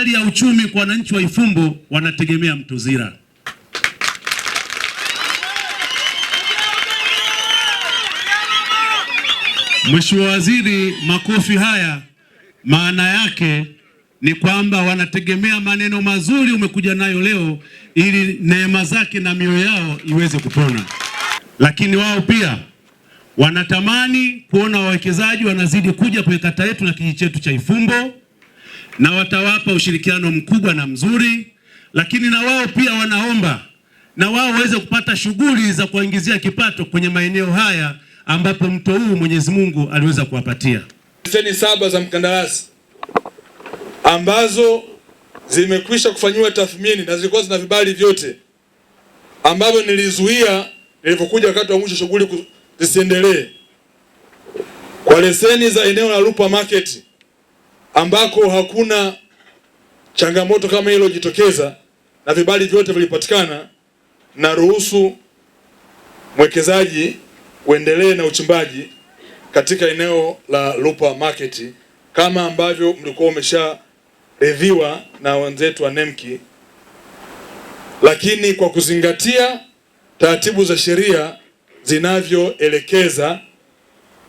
hali ya uchumi kwa wananchi wa Ifumbo wanategemea Mtuzira. Mheshimiwa Waziri, makofi haya maana yake ni kwamba wanategemea maneno mazuri umekuja nayo leo, ili neema zake na mioyo yao iweze kupona. Lakini wao pia wanatamani kuona wawekezaji wanazidi kuja kwenye kata yetu na kijiji chetu cha Ifumbo na watawapa ushirikiano mkubwa na mzuri, lakini na wao pia wanaomba na wao waweze kupata shughuli za kuingizia kipato kwenye maeneo haya ambapo mto huu Mwenyezi Mungu aliweza kuwapatia. Leseni saba za mkandarasi ambazo zimekwisha kufanyiwa tathmini na zilikuwa zina vibali vyote ambavyo nilizuia nilipokuja wakati wa mwisho shughuli zisiendelee. Kwa leseni za eneo la Lupa Market ambako hakuna changamoto kama hilo jitokeza na vibali vyote vilipatikana, na ruhusu mwekezaji uendelee na uchimbaji katika eneo la Lupa Market kama ambavyo mlikuwa umesharidhiwa na wenzetu wa Nemki, lakini kwa kuzingatia taratibu za sheria zinavyoelekeza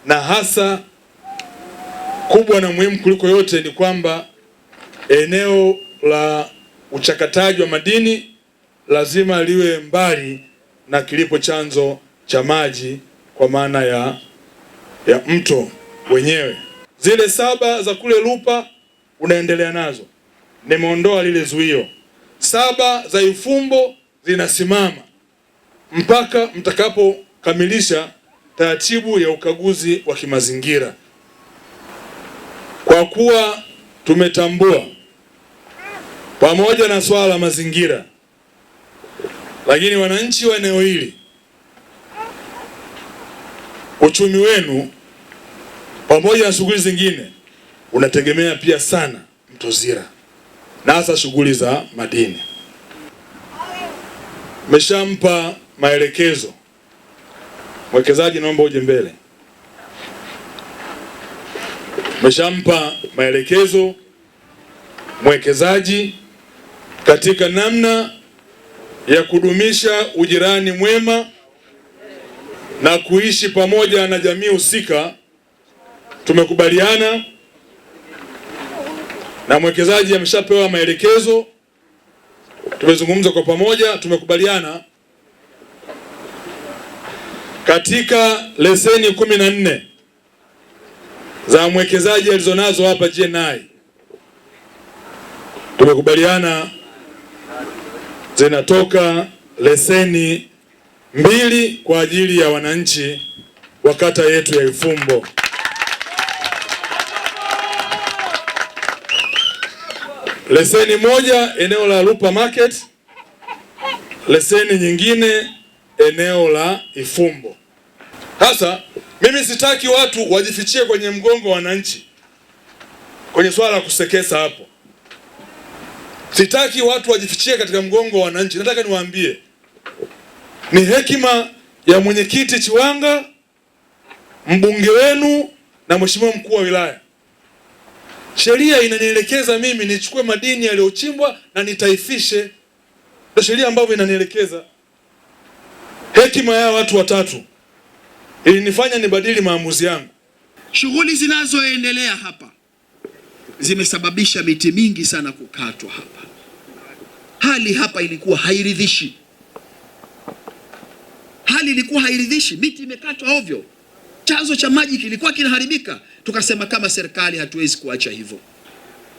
na hasa kubwa na muhimu kuliko yote ni kwamba eneo la uchakataji wa madini lazima liwe mbali na kilipo chanzo cha maji kwa maana ya, ya mto wenyewe. Zile saba za kule Lupa unaendelea nazo, nimeondoa lile zuio. Saba za Ifumbo zinasimama mpaka mtakapokamilisha taratibu ya ukaguzi wa kimazingira kuwa tumetambua pamoja na swala la mazingira, lakini wananchi wa eneo hili, uchumi wenu pamoja na shughuli zingine unategemea pia sana Mto zira na hasa shughuli za madini. meshampa maelekezo mwekezaji, naomba uje mbele. Meshampa maelekezo mwekezaji katika namna ya kudumisha ujirani mwema na kuishi pamoja na jamii husika. Tumekubaliana na mwekezaji ameshapewa maelekezo, tumezungumza kwa pamoja, tumekubaliana katika leseni kumi na nne za mwekezaji alizonazo hapa GNI tumekubaliana zinatoka leseni mbili kwa ajili ya wananchi wa kata yetu ya Ifumbo. Leseni moja eneo la Lupa Market, leseni nyingine eneo la Ifumbo. Sasa mimi sitaki watu wajifichie kwenye mgongo wa wananchi kwenye swala la kusekesa hapo. Sitaki watu wajifichie katika mgongo wa wananchi. Nataka niwaambie ni hekima ya mwenyekiti Chiwanga, mbunge wenu na mheshimiwa mkuu wa wilaya. Sheria inanielekeza mimi nichukue madini yaliyochimbwa na nitaifishe. Ndio sheria ambayo inanielekeza. Hekima ya watu watatu ilinifanya nibadili maamuzi yangu. Shughuli zinazoendelea hapa zimesababisha miti mingi sana kukatwa hapa. Hali hapa ilikuwa hairidhishi, hali ilikuwa hairidhishi, miti imekatwa ovyo, chanzo cha maji kilikuwa kinaharibika. Tukasema kama serikali hatuwezi kuacha hivyo.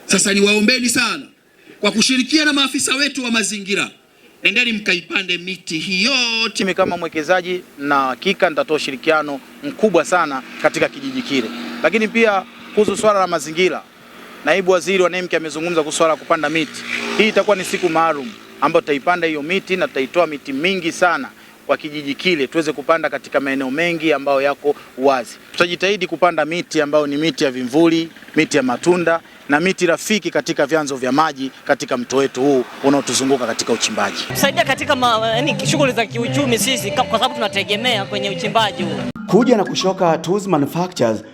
Sasa niwaombeni sana kwa kushirikiana na maafisa wetu wa mazingira nendeni mkaipande miti hiyote yote. Mimi kama mwekezaji na hakika nitatoa ushirikiano mkubwa sana katika kijiji kile, lakini pia kuhusu swala la mazingira, naibu waziri wa NEMC amezungumza kuhusu swala la kupanda miti. Hii itakuwa ni siku maalum ambayo tutaipanda hiyo miti na tutaitoa miti mingi sana kwa kijiji kile tuweze kupanda katika maeneo mengi ambayo yako wazi. Tutajitahidi kupanda miti ambayo ni miti ya vimvuli, miti ya matunda na miti rafiki katika vyanzo vya maji katika mto wetu huu unaotuzunguka katika uchimbaji. Tusaidia katika yani, shughuli za kiuchumi sisi, kwa sababu tunategemea kwenye uchimbaji huu. Kuja na kushoka Tools Manufactures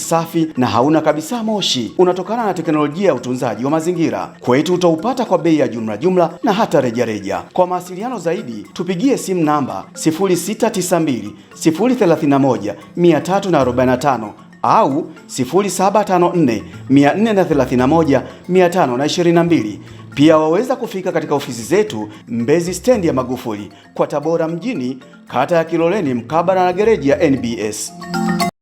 safi na hauna kabisa moshi, unatokana na teknolojia ya utunzaji wa mazingira. Kwetu utaupata kwa bei ya jumla jumla na hata rejareja reja. Kwa mawasiliano zaidi tupigie simu namba 0692 au 0754 Pia waweza kufika katika ofisi zetu Mbezi stendi ya Magufuli kwa Tabora mjini, kata ya Kiloleni, mkabala na gereji ya NBS.